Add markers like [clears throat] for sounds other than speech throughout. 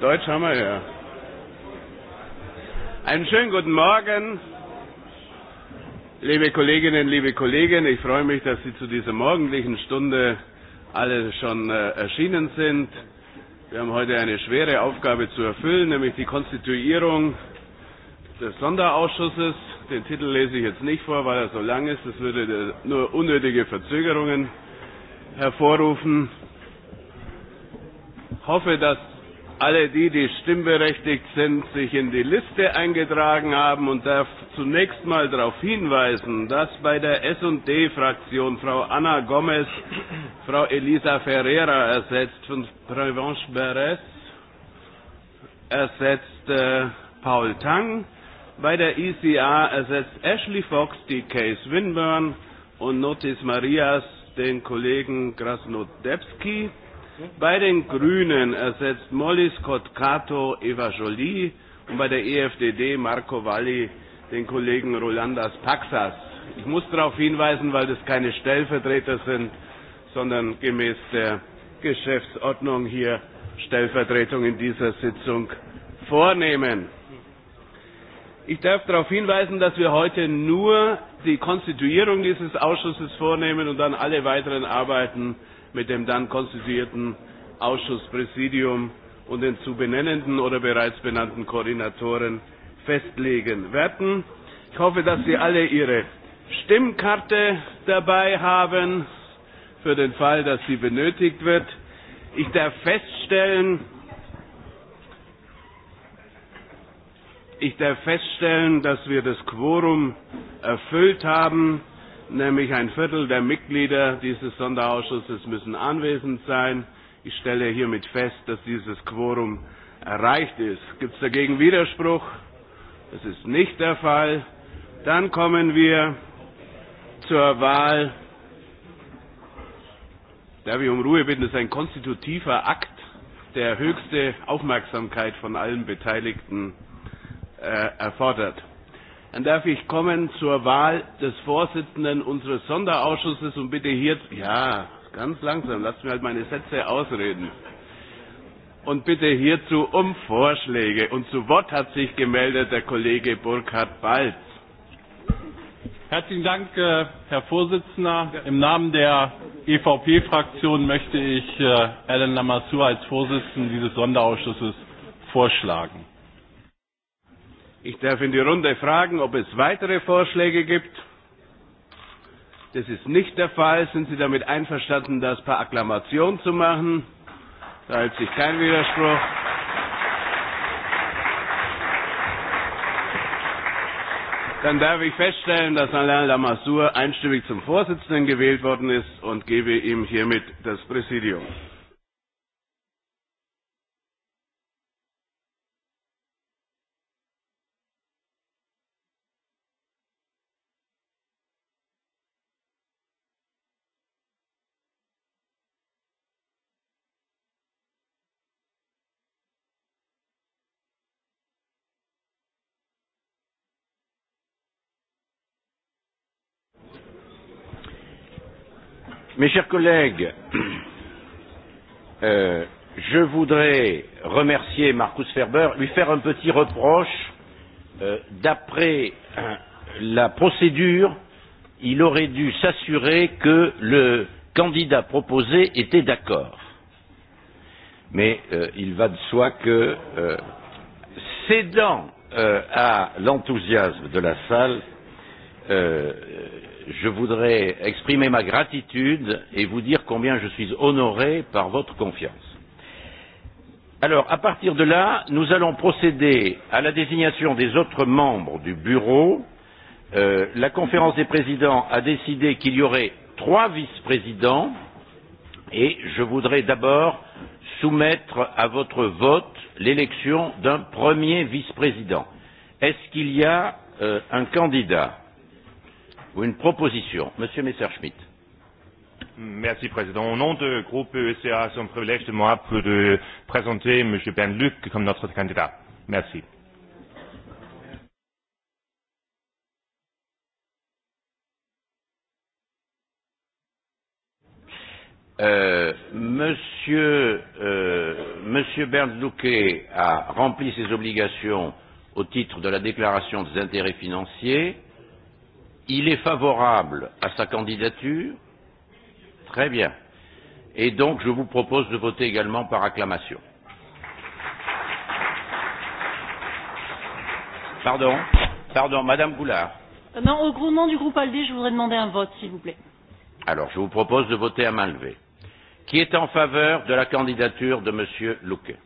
Deutsch haben wir ja. Einen schönen guten Morgen, liebe Kolleginnen, liebe Kollegen. Ich freue mich, dass Sie zu dieser morgendlichen Stunde alle schon äh, erschienen sind. Wir haben heute eine schwere Aufgabe zu erfüllen, nämlich die Konstituierung des Sonderausschusses. Den Titel lese ich jetzt nicht vor, weil er so lang ist. Das würde äh, nur unnötige Verzögerungen hervorrufen. Ich hoffe, dass alle die, die stimmberechtigt sind, sich in die Liste eingetragen haben und darf zunächst mal darauf hinweisen, dass bei der S&D-Fraktion Frau Anna Gomez Frau Elisa Ferreira ersetzt von Prevanche Beres, ersetzt äh, Paul Tang, bei der ECA ersetzt Ashley Fox die Case Winburn und Notis Marias den Kollegen Krasnodebski. Bei den Grünen ersetzt Mollis Kotkato Eva Jolie und bei der EFDD Marco Valli den Kollegen Rolandas Paxas. Ich muss darauf hinweisen, weil das keine Stellvertreter sind, sondern gemäß der Geschäftsordnung hier Stellvertretung in dieser Sitzung vornehmen. Ich darf darauf hinweisen, dass wir heute nur die Konstituierung dieses Ausschusses vornehmen und dann alle weiteren Arbeiten mit dem dann konstituierten Ausschusspräsidium und den zu benennenden oder bereits benannten Koordinatoren festlegen werden. Ich hoffe, dass Sie alle Ihre Stimmkarte dabei haben, für den Fall, dass sie benötigt wird. Ich darf feststellen, ich darf feststellen, dass wir das Quorum erfüllt haben nämlich ein Viertel der Mitglieder dieses Sonderausschusses müssen anwesend sein. Ich stelle hiermit fest, dass dieses Quorum erreicht ist. Gibt es dagegen Widerspruch? Das ist nicht der Fall. Dann kommen wir zur Wahl. Darf ich um Ruhe bitten? Das ist ein konstitutiver Akt, der höchste Aufmerksamkeit von allen Beteiligten äh, erfordert. Dann darf ich kommen zur Wahl des Vorsitzenden unseres Sonderausschusses und bitte hier, ja, ganz langsam, lasst mir halt meine Sätze ausreden. Und bitte hierzu um Vorschläge. Und zu Wort hat sich gemeldet der Kollege Burkhard Balz. Herzlichen Dank, äh, Herr Vorsitzender. Im Namen der EVP-Fraktion möchte ich äh, Alan Lamassur als Vorsitzenden dieses Sonderausschusses vorschlagen. Ich darf in die Runde fragen, ob es weitere Vorschläge gibt. Das ist nicht der Fall. Sind Sie damit einverstanden, das per Akklamation zu machen? Da hält sich kein Widerspruch. Dann darf ich feststellen, dass Alain Lamassoure einstimmig zum Vorsitzenden gewählt worden ist und gebe ihm hiermit das Präsidium. Mes chers collègues, euh, je voudrais remercier Markus Ferber, lui faire un petit reproche. Euh, D'après euh, la procédure, il aurait dû s'assurer que le candidat proposé était d'accord. Mais euh, il va de soi que, euh, cédant euh, à l'enthousiasme de la salle, euh, je voudrais exprimer ma gratitude et vous dire combien je suis honoré par votre confiance. Alors, à partir de là, nous allons procéder à la désignation des autres membres du bureau. Euh, la conférence des présidents a décidé qu'il y aurait trois vice-présidents et je voudrais d'abord soumettre à votre vote l'élection d'un premier vice-président. Est-ce qu'il y a euh, un candidat ou une proposition. Monsieur Messerschmidt. Merci, Président. Au nom du groupe ECA, c'est un privilège de moi pour de présenter M. Ben Luc comme notre candidat. Merci. Euh, Monsieur, euh, Monsieur Bernd Luquet a rempli ses obligations au titre de la déclaration des intérêts financiers. Euh, Il est favorable à sa candidature Très bien. Et donc, je vous propose de voter également par acclamation. Pardon Pardon, Madame Goulard. Euh, non, au gros nom du groupe ALDE, je voudrais demander un vote, s'il vous plaît. Alors, je vous propose de voter à main levée. Qui est en faveur de la candidature de Monsieur Louquet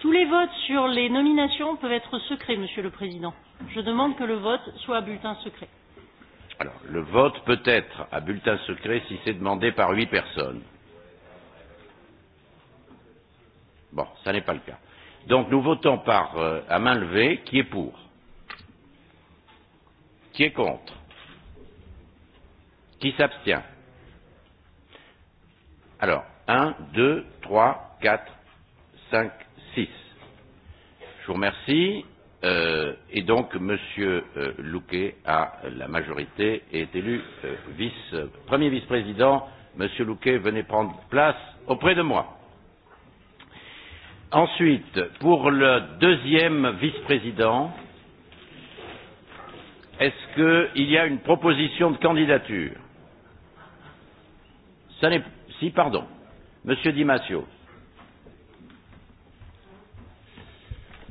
Tous les votes sur les nominations peuvent être secrets, Monsieur le Président. Je demande que le vote soit à bulletin secret. Alors, le vote peut être à bulletin secret si c'est demandé par huit personnes. Bon, ça n'est pas le cas. Donc, nous votons par euh, à main levée qui est pour, qui est contre, qui s'abstient. Alors, 1, 2, 3, 4, 5, 6. Je vous remercie. Euh, et donc, Monsieur euh, Louquet a la majorité et est élu euh, vice, euh, premier vice-président. Monsieur Louquet, venez prendre place auprès de moi. Ensuite, pour le deuxième vice-président, est-ce qu'il y a une proposition de candidature Ça n'est... Si, pardon. Monsieur Dimasio.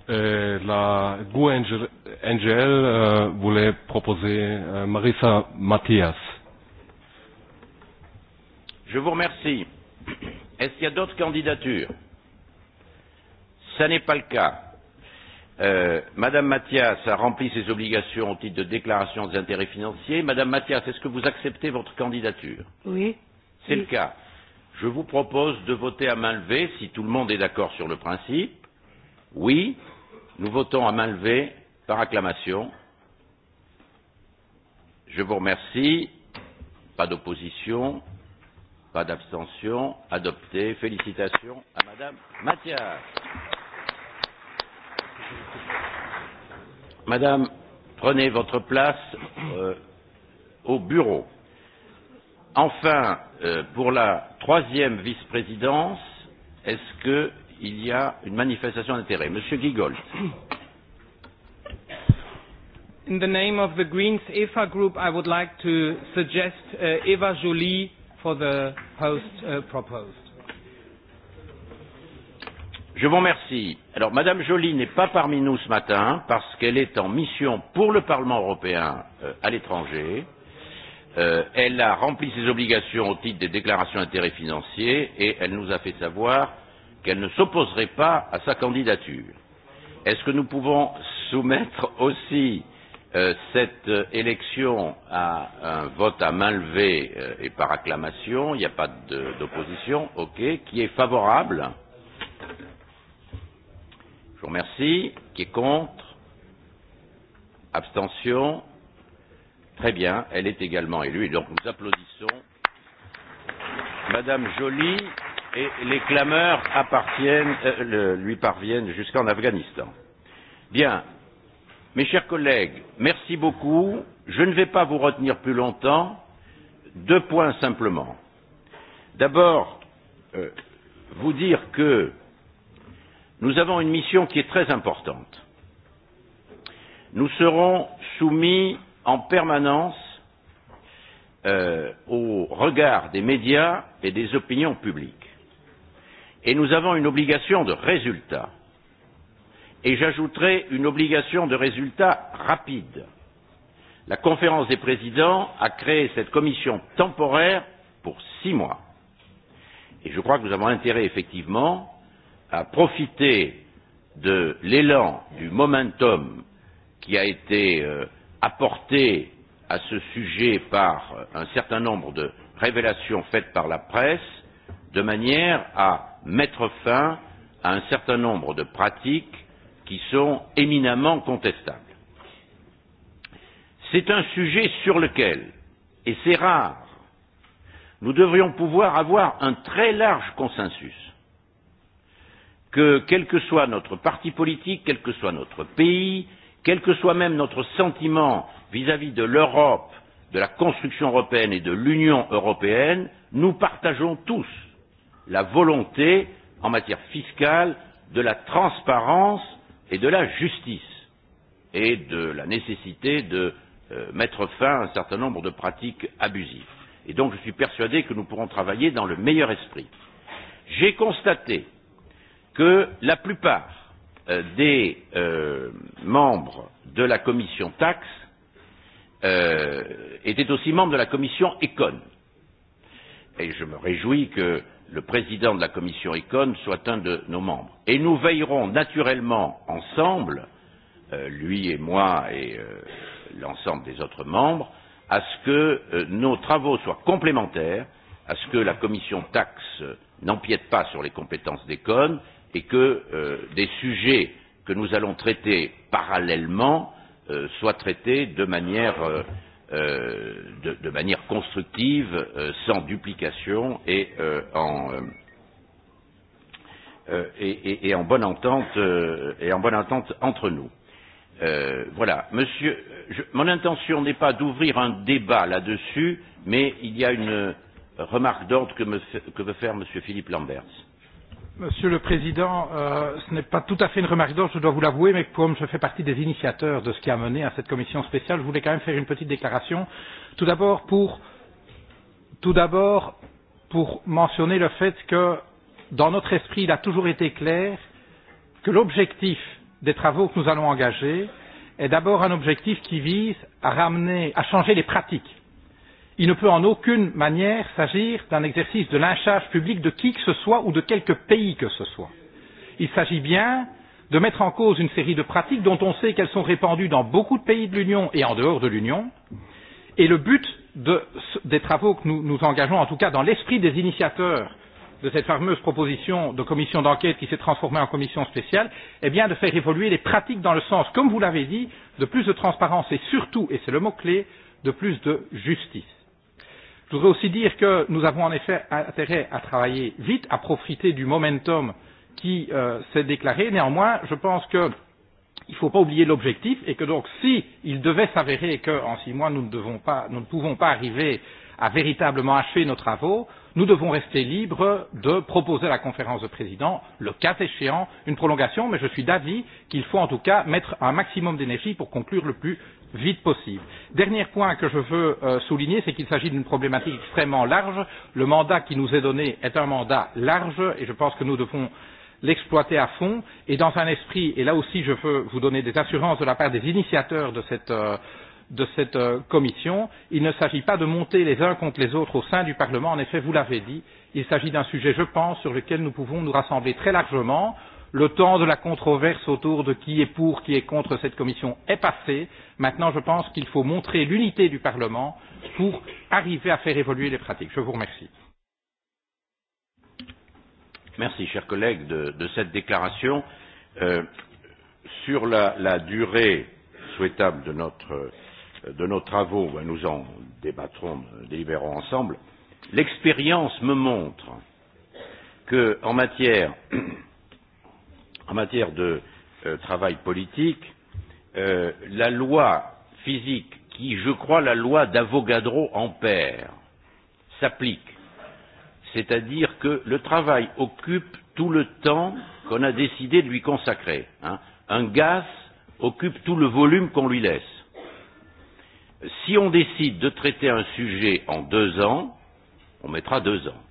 Euh, la GUE NGL euh, voulait proposer euh, Marissa Mathias. Je vous remercie. Est-ce qu'il y a d'autres candidatures Ce n'est pas le cas. Euh, Madame Mathias a rempli ses obligations au titre de déclaration des intérêts financiers. Madame Mathias, est-ce que vous acceptez votre candidature Oui. C'est oui. le cas. Je vous propose de voter à main levée si tout le monde est d'accord sur le principe. Oui. Nous votons à main levée par acclamation. Je vous remercie. Pas d'opposition, pas d'abstention. Adopté. Félicitations à Madame Mathias. Madame, prenez votre place euh, au bureau. Enfin, euh, pour la troisième vice-présidence, est-ce que il y a une manifestation d'intérêt. Monsieur Giegold. In the name of the Greens EFA group, I would like to suggest uh, Eva Jolie for the post uh, proposed. Je vous remercie. Alors, Madame Jolie n'est pas parmi nous ce matin parce qu'elle est en mission pour le Parlement européen euh, à l'étranger. Euh, elle a rempli ses obligations au titre des déclarations d'intérêts financiers et elle nous a fait savoir euh, qu'elle ne s'opposerait pas à sa candidature. Est-ce que nous pouvons soumettre aussi euh, cette euh, élection à un vote à main levée euh, et par acclamation Il n'y a pas d'opposition Ok. Qui est favorable Je vous remercie. Qui est contre Abstention Très bien. Elle est également élue. Et donc nous applaudissons Madame Jolie et les clameurs appartiennent, euh, lui parviennent jusqu'en Afghanistan. Bien, mes chers collègues, merci beaucoup. Je ne vais pas vous retenir plus longtemps. Deux points simplement. D'abord, euh, vous dire que nous avons une mission qui est très importante. Nous serons soumis en permanence euh, au regard des médias et des opinions publiques. Et nous avons une obligation de résultat. Et j'ajouterai une obligation de résultat rapide. La conférence des présidents a créé cette commission temporaire pour six mois. Et je crois que nous avons intérêt effectivement à profiter de l'élan, du momentum qui a été euh, apporté à ce sujet par euh, un certain nombre de révélations faites par la presse, de manière à mettre fin à un certain nombre de pratiques qui sont éminemment contestables. C'est un sujet sur lequel, et c'est rare, nous devrions pouvoir avoir un très large consensus que, quel que soit notre parti politique, quel que soit notre pays, quel que soit même notre sentiment vis à vis de l'Europe, de la construction européenne et de l'Union européenne, nous partageons tous la volonté en matière fiscale de la transparence et de la justice et de la nécessité de euh, mettre fin à un certain nombre de pratiques abusives. Et donc je suis persuadé que nous pourrons travailler dans le meilleur esprit. J'ai constaté que la plupart euh, des euh, membres de la commission taxe euh, étaient aussi membres de la commission Econ. Et je me réjouis que le président de la commission ICON soit un de nos membres. Et nous veillerons naturellement ensemble, euh, lui et moi et euh, l'ensemble des autres membres, à ce que euh, nos travaux soient complémentaires, à ce que la commission taxe euh, n'empiète pas sur les compétences d'ECON et que euh, des sujets que nous allons traiter parallèlement euh, soient traités de manière euh, euh, de, de manière constructive, euh, sans duplication et, euh, en, euh, euh, et, et, et en bonne entente euh, et en bonne entente entre nous. Euh, voilà, monsieur, je, mon intention n'est pas d'ouvrir un débat là-dessus, mais il y a une remarque d'ordre que, me, que veut faire monsieur Philippe Lamberts. Euh, Monsieur le Président, euh, ce n'est pas tout à fait une remarque d'ordre, je dois vous l'avouer, mais comme je fais partie des initiateurs de ce qui a mené à cette commission spéciale, je voulais quand même faire une petite déclaration. Tout d'abord pour, tout d'abord pour mentionner le fait que dans notre esprit, il a toujours été clair que l'objectif des travaux que nous allons engager est d'abord un objectif qui vise à ramener, à changer les pratiques il ne peut en aucune manière s'agir d'un exercice de lynchage public de qui que ce soit ou de quelque pays que ce soit. Il s'agit bien de mettre en cause une série de pratiques dont on sait qu'elles sont répandues dans beaucoup de pays de l'Union et en dehors de l'Union. Et le but de, des travaux que nous, nous engageons, en tout cas dans l'esprit des initiateurs de cette fameuse proposition de commission d'enquête qui s'est transformée en commission spéciale, est eh bien de faire évoluer les pratiques dans le sens, comme vous l'avez dit, de plus de transparence et surtout, et c'est le mot clé, de plus de justice. Je voudrais aussi dire que nous avons en effet intérêt à travailler vite, à profiter du momentum qui euh, s'est déclaré. Néanmoins, je pense que il ne faut pas oublier l'objectif et que donc si il devait s'avérer qu'en six mois nous ne, devons pas, nous ne pouvons pas arriver à véritablement achever nos travaux, nous devons rester libres de proposer à la conférence de présidents, le cas échéant, une prolongation, mais je suis d'avis qu'il faut en tout cas mettre un maximum d'énergie pour conclure le plus vite possible. Dernier point que je veux euh, souligner, c'est qu'il s'agit d'une problématique extrêmement large. Le mandat qui nous est donné est un mandat large et je pense que nous devons l'exploiter à fond et dans un esprit, et là aussi je veux vous donner des assurances de la part des initiateurs de cette, euh, de cette euh, commission, il ne s'agit pas de monter les uns contre les autres au sein du Parlement, en effet vous l'avez dit, il s'agit d'un sujet, je pense, sur lequel nous pouvons nous rassembler très largement, euh, Le temps de la controverse autour de qui est pour, qui est contre cette commission est passé. Maintenant, je pense qu'il faut montrer l'unité du Parlement pour arriver à faire évoluer les pratiques. Je vous remercie. Merci, chers collègues, de, de cette déclaration. Euh, sur la, la durée souhaitable de, notre, de nos travaux, ben nous en débattrons, délibérons ensemble. L'expérience me montre qu'en matière en matière de euh, travail politique, euh, la loi physique qui, je crois, la loi d'Avogadro Ampère s'applique. C'est-à-dire que le travail occupe tout le temps qu'on a décidé de lui consacrer. Hein. Un gaz occupe tout le volume qu'on lui laisse. Si on décide de traiter un sujet en deux ans, on mettra deux ans.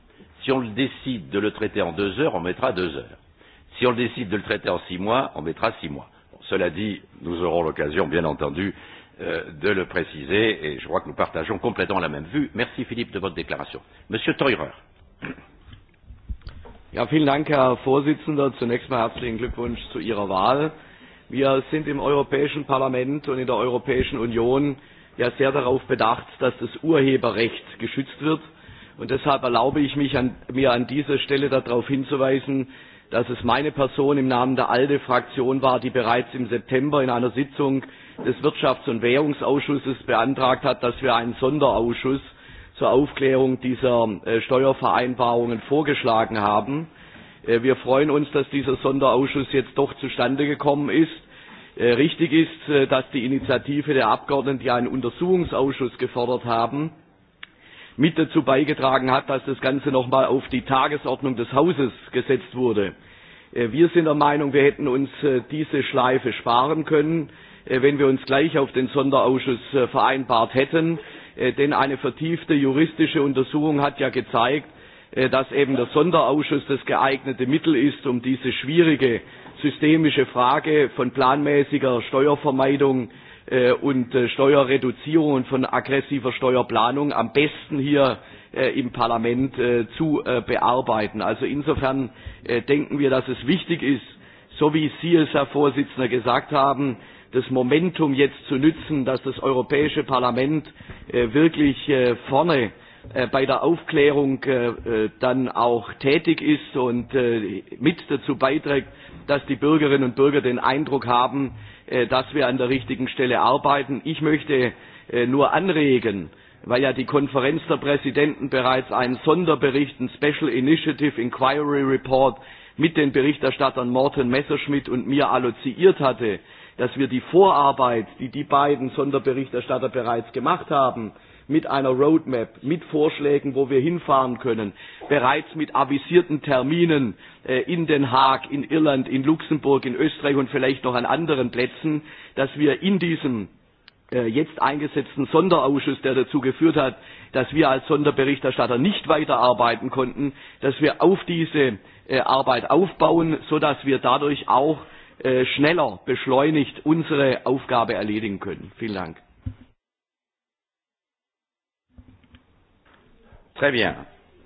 Si on décide de le traiter en deux heures, on mettra deux heures. Si on décide de le traiter en six mois, on mettra six mois. Bon, cela dit, nous aurons l'occasion, bien entendu, euh, de le préciser et je crois que nous partageons complètement la même vue. Merci Philippe de votre déclaration. Monsieur Teurer. Ja, vielen Dank, Herr Vorsitzender. Zunächst mal herzlichen Glückwunsch zu Ihrer Wahl. Wir sind im Europäischen Parlament und in der Europäischen Union ja sehr darauf bedacht, dass das Urheberrecht geschützt wird. Und deshalb erlaube ich mich an, mir an dieser Stelle darauf hinzuweisen, dass es meine Person im Namen der ALDE Fraktion war, die bereits im September in einer Sitzung des Wirtschafts- und Währungsausschusses beantragt hat, dass wir einen Sonderausschuss zur Aufklärung dieser äh, Steuervereinbarungen vorgeschlagen haben. Äh, wir freuen uns, dass dieser Sonderausschuss jetzt doch zustande gekommen ist. Äh, richtig ist, äh, dass die Initiative der Abgeordneten, die einen Untersuchungsausschuss gefordert haben, mit dazu beigetragen hat, dass das Ganze nochmal auf die Tagesordnung des Hauses gesetzt wurde. Äh, wir sind der Meinung, wir hätten uns äh, diese Schleife sparen können, äh, wenn wir uns gleich auf den Sonderausschuss vereinbart hätten. Denn eine vertiefte juristische Untersuchung hat ja gezeigt, dass eben der Sonderausschuss das geeignete Mittel ist, um diese schwierige systemische Frage von planmäßiger Steuervermeidung äh, und äh, Steuerreduzierung und von aggressiver Steuerplanung am besten hier äh, im Parlament äh, zu äh, bearbeiten. Also insofern äh, denken wir, dass es wichtig ist, so wie Sie es, Herr Vorsitzender, gesagt haben, das Momentum jetzt zu nützen, dass das Europäische Parlament äh, wirklich äh, vorne äh, Äh, bei der Aufklärung äh, äh, dann auch tätig ist und äh, mit dazu beiträgt, dass die Bürgerinnen und Bürger den Eindruck haben, äh, dass wir an der richtigen Stelle arbeiten. Ich möchte äh, nur anregen, weil ja die Konferenz der Präsidenten bereits einen Sonderbericht, ein Special Initiative Inquiry Report mit den Berichterstattern Morten Messerschmidt und mir alloziiert hatte, dass wir die Vorarbeit, die die beiden Sonderberichterstatter bereits gemacht haben, äh, mit einer Roadmap, mit Vorschlägen, wo wir hinfahren können, bereits mit avisierten Terminen äh, in Den Haag, in Irland, in Luxemburg, in Österreich und vielleicht noch an anderen Plätzen, dass wir in diesem äh, jetzt eingesetzten Sonderausschuss, der dazu geführt hat, dass wir als Sonderberichterstatter nicht weiterarbeiten konnten, dass wir auf diese äh, Arbeit aufbauen, sodass wir dadurch auch äh, schneller beschleunigt unsere Aufgabe erledigen können. Vielen Dank. Très bien.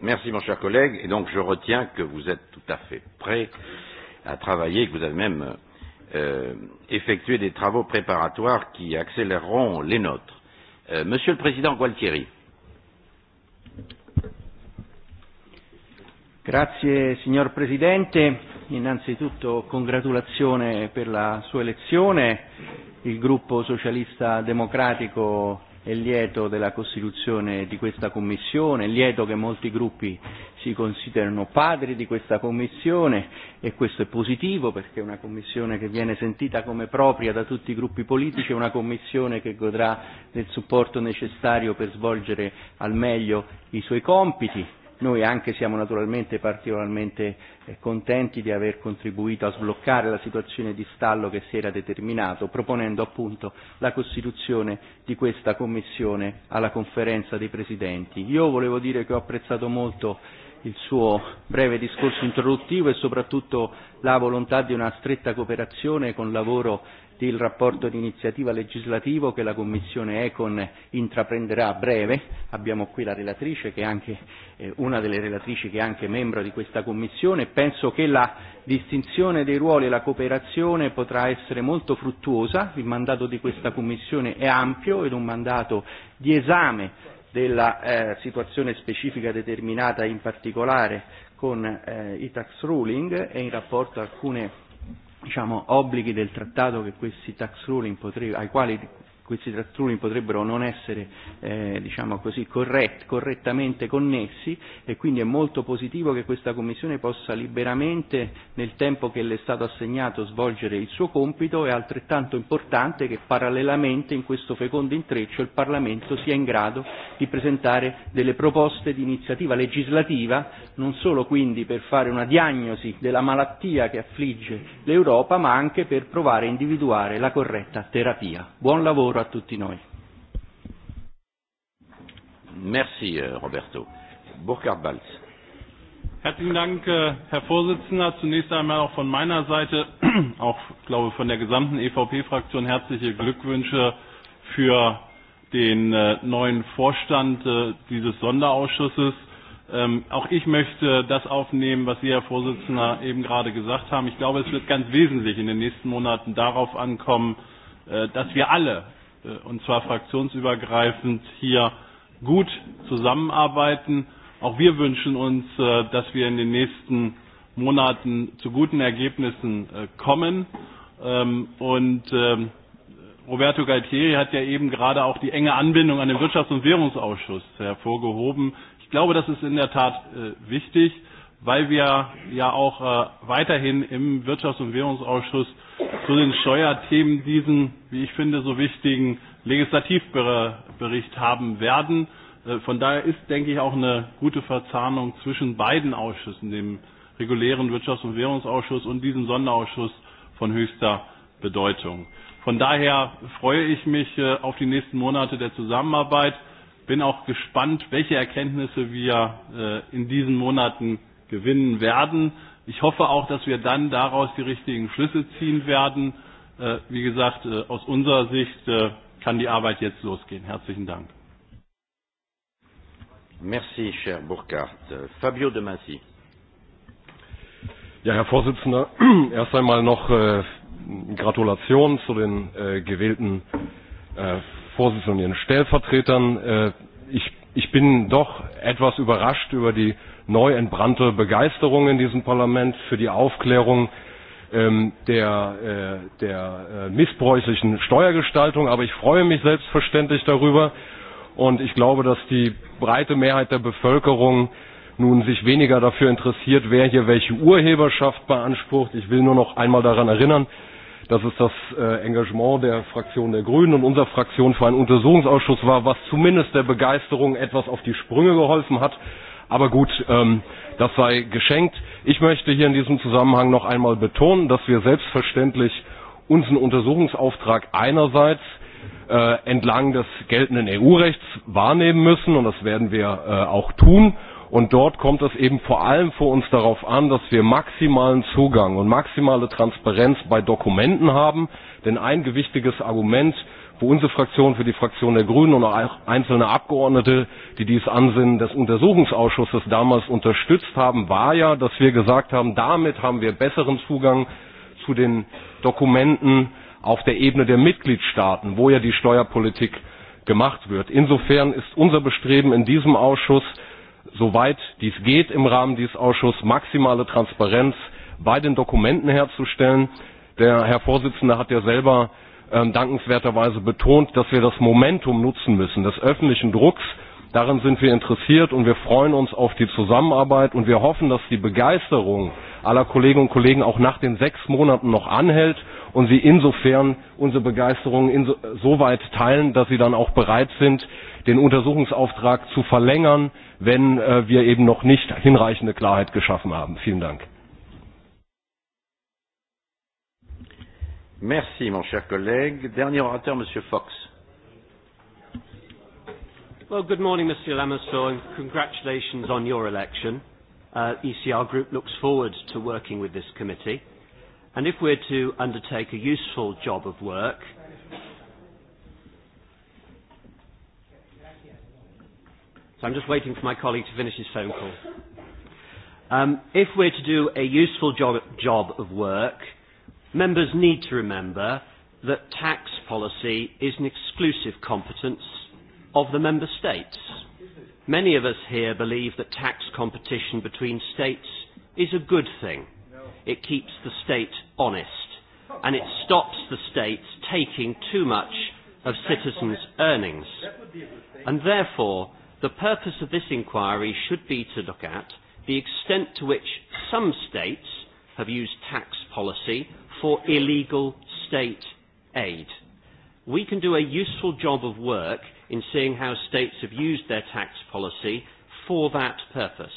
Merci, mon cher collègue. Et donc, je retiens que vous êtes tout à fait prêt à travailler, que vous avez même euh, effectué des travaux préparatoires qui accéléreront les nôtres. Euh, Monsieur le Président Gualtieri. Grazie, signor Presidente. Innanzitutto congratulazione per la sua elezione. Il gruppo socialista democratico è lieto della costituzione di questa commissione, è lieto che molti gruppi si considerano padri di questa commissione e questo è positivo perché è una commissione che viene sentita come propria da tutti i gruppi politici, è una commissione che godrà del supporto necessario per svolgere al meglio i suoi compiti Noi anche siamo naturalmente particolarmente eh, contenti di aver contribuito a sbloccare la situazione di stallo che si era determinato, proponendo appunto la costituzione di questa commissione alla conferenza dei presidenti. Io volevo dire che ho apprezzato molto il suo breve discorso introduttivo e soprattutto la volontà di una stretta cooperazione con lavoro del rapporto di iniziativa legislativo che la Commissione Econ intraprenderà a breve. Abbiamo qui la relatrice che è anche eh, una delle relatrici che è anche membro di questa Commissione. Penso che la distinzione dei ruoli e la cooperazione potrà essere molto fruttuosa. Il mandato di questa Commissione è ampio ed un mandato di esame della eh, situazione specifica determinata in particolare con eh, i tax ruling e in rapporto a alcune diciamo, obblighi del trattato che questi tax ruling potre, ai quali questi tratturi potrebbero non essere eh, diciamo così, corret, correttamente connessi e quindi è molto positivo che questa Commissione possa liberamente, nel tempo che le è stato assegnato, svolgere il suo compito e altrettanto importante che parallelamente in questo fecondo intreccio il Parlamento sia in grado di presentare delle proposte di iniziativa legislativa, non solo quindi per fare una diagnosi della malattia che affligge l'Europa, ma anche per provare a individuare la corretta terapia. Buon lavoro a tutti noi. Merci euh, Roberto. Burkhard Balz. Herzlichen Dank, äh, Herr Vorsitzender. Zunächst einmal auch von meiner Seite, [clears throat] auch glaube von der gesamten EVP-Fraktion herzliche Glückwünsche für den äh, neuen Vorstand äh, dieses Sonderausschusses. Ähm, auch ich möchte das aufnehmen, was Sie, Herr Vorsitzender, eben gerade gesagt haben. Ich glaube, es wird ganz wesentlich in den nächsten Monaten darauf ankommen, dass wir alle Äh, und zwar fraktionsübergreifend hier gut zusammenarbeiten. Auch wir wünschen uns, äh, dass wir in den nächsten Monaten zu guten Ergebnissen äh, kommen. Ähm, und ähm, Roberto Galtieri hat ja eben gerade auch die enge Anbindung an den Wirtschafts- und Währungsausschuss hervorgehoben. Ich glaube, das ist in der Tat wichtig weil wir ja auch äh, weiterhin im Wirtschafts- und Währungsausschuss zu den Steuerthemen diesen, wie ich finde, so wichtigen Legislativbericht haben werden. Äh, von daher ist, denke ich, auch eine gute Verzahnung zwischen beiden Ausschüssen, dem regulären Wirtschafts- und Währungsausschuss und diesem Sonderausschuss von höchster Bedeutung. Von daher freue ich mich äh, auf die nächsten Monate der Zusammenarbeit, bin auch gespannt, welche Erkenntnisse wir äh, in diesen Monaten gewinnen werden. Ich hoffe auch, dass wir dann daraus die richtigen Schlüsse ziehen werden. Äh, wie gesagt, äh, aus unserer Sicht äh, kann die Arbeit jetzt losgehen. Herzlichen Dank. Merci, cher Burkhardt. Fabio De Massi. Ja, Herr Vorsitzender, [clears throat] erst einmal noch äh, Gratulation zu den äh, gewählten äh, Vorsitzenden und ihren Stellvertretern. Äh, ich ich bin doch etwas überrascht über die neu entbrannte Begeisterung in diesem Parlament für die Aufklärung ähm, der, äh, der äh, missbräuchlichen Steuergestaltung. Aber ich freue mich selbstverständlich darüber. Und ich glaube, dass die breite Mehrheit der Bevölkerung nun sich weniger dafür interessiert, wer hier welche Urheberschaft beansprucht. Ich will nur noch einmal daran erinnern, dass es das äh, Engagement der Fraktion der Grünen und unserer Fraktion für einen Untersuchungsausschuss war, was zumindest der Begeisterung etwas auf die Sprünge geholfen hat. Aber gut, ähm, das sei geschenkt. Ich möchte hier in diesem Zusammenhang noch einmal betonen, dass wir selbstverständlich unseren Untersuchungsauftrag einerseits äh, entlang des geltenden EU-Rechts wahrnehmen müssen, und das werden wir äh, auch tun, äh, Und dort kommt es eben vor allem für uns darauf an, dass wir maximalen Zugang und maximale Transparenz bei Dokumenten haben. Denn ein gewichtiges Argument für unsere Fraktion, für die Fraktion der Grünen und auch einzelne Abgeordnete, die dieses Ansinnen des Untersuchungsausschusses damals unterstützt haben, war ja, dass wir gesagt haben, damit haben wir besseren Zugang zu den Dokumenten auf der Ebene der Mitgliedstaaten, wo ja die Steuerpolitik gemacht wird. Insofern ist unser Bestreben in diesem Ausschuss, soweit dies geht im Rahmen dieses Ausschusses, maximale Transparenz bei den Dokumenten herzustellen. Der Herr Vorsitzende hat ja selber äh, dankenswerterweise betont, dass wir das Momentum nutzen müssen, des öffentlichen Drucks Daran sind wir interessiert und wir freuen uns auf die Zusammenarbeit und wir hoffen, dass die Begeisterung aller Kolleginnen und Kollegen auch nach den sechs Monaten noch anhält und sie insofern unsere Begeisterung insoweit teilen, dass sie dann auch bereit sind, den Untersuchungsauftrag zu verlängern, wenn äh, wir eben noch nicht hinreichende Klarheit geschaffen haben. Vielen Dank. Merci, mon cher collègue. Dernier orateur, Monsieur Fox. Well, good morning, Mr. Lamassoure, and congratulations on your election. Uh, ECR Group looks forward to working with this committee. And if we're to undertake a useful job of work, so I'm just waiting for my colleague to finish his phone call. Um, if we're to do a useful job, job of work, members need to remember that tax policy is an exclusive competence of the member states. Many of us here believe that tax competition between states is a good thing. It keeps the state honest and it stops the states taking too much of citizens' earnings. And therefore, the purpose of this inquiry should be to look at the extent to which some states have used tax policy for illegal state aid we can do a useful job of work in seeing how states have used their tax policy for that purpose.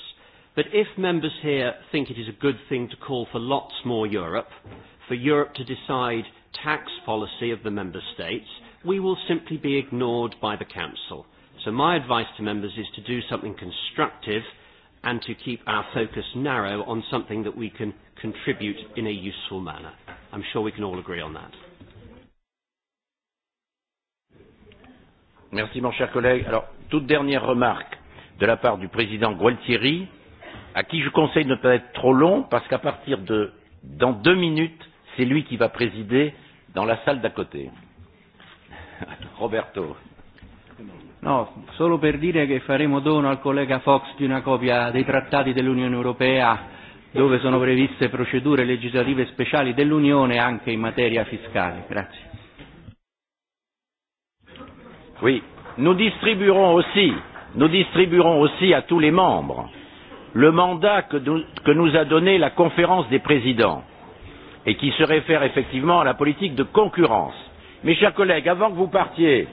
But if members here think it is a good thing to call for lots more Europe, for Europe to decide tax policy of the member states, we will simply be ignored by the Council. So my advice to members is to do something constructive and to keep our focus narrow on something that we can contribute in a useful manner. I'm sure we can all agree on that. Merci, mon cher collègue. Alors, toute dernière remarque de la part du président Gualtieri, à qui je conseille de ne pas être trop long, parce qu'à partir de dans deux minutes, c'est lui qui va présider dans la salle d'à côté. [laughs] Roberto. No, solo per dire che faremo dono al collega Fox di una copia dei trattati dell'Unione Europea dove sono previste procedure legislative speciali dell'Unione anche in materia fiscale. Grazie. Oui. Nous distribuerons aussi, nous distribuerons aussi à tous les membres le mandat que nous, que nous a donné la conférence des présidents et qui se réfère effectivement à la politique de concurrence. Mes chers collègues, avant que vous partiez,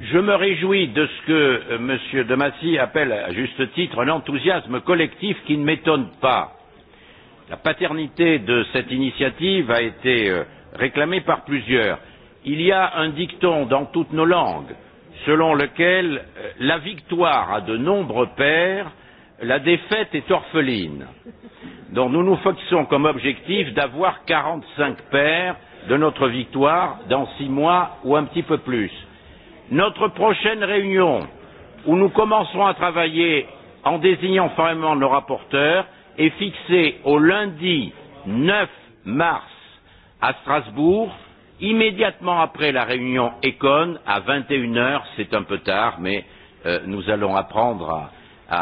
je me réjouis de ce que euh, M. de Massy appelle à juste titre un enthousiasme collectif qui ne m'étonne pas. La paternité de cette initiative a été euh, réclamée par plusieurs il y a un dicton dans toutes nos langues selon lequel euh, la victoire a de nombreux pères, la défaite est orpheline. Donc nous nous fixons comme objectif d'avoir 45 paires de notre victoire dans six mois ou un petit peu plus. Notre prochaine réunion, où nous commencerons à travailler en désignant formellement nos rapporteurs, est fixée au lundi 9 mars à Strasbourg immédiatement après la réunion Econ, à 21h, c'est un peu tard, mais euh, nous allons apprendre à,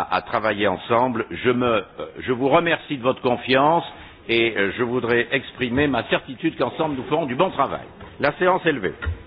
à, à travailler ensemble. Je, me, euh, je vous remercie de votre confiance et euh, je voudrais exprimer ma certitude qu'ensemble nous ferons du bon travail. La séance est levée.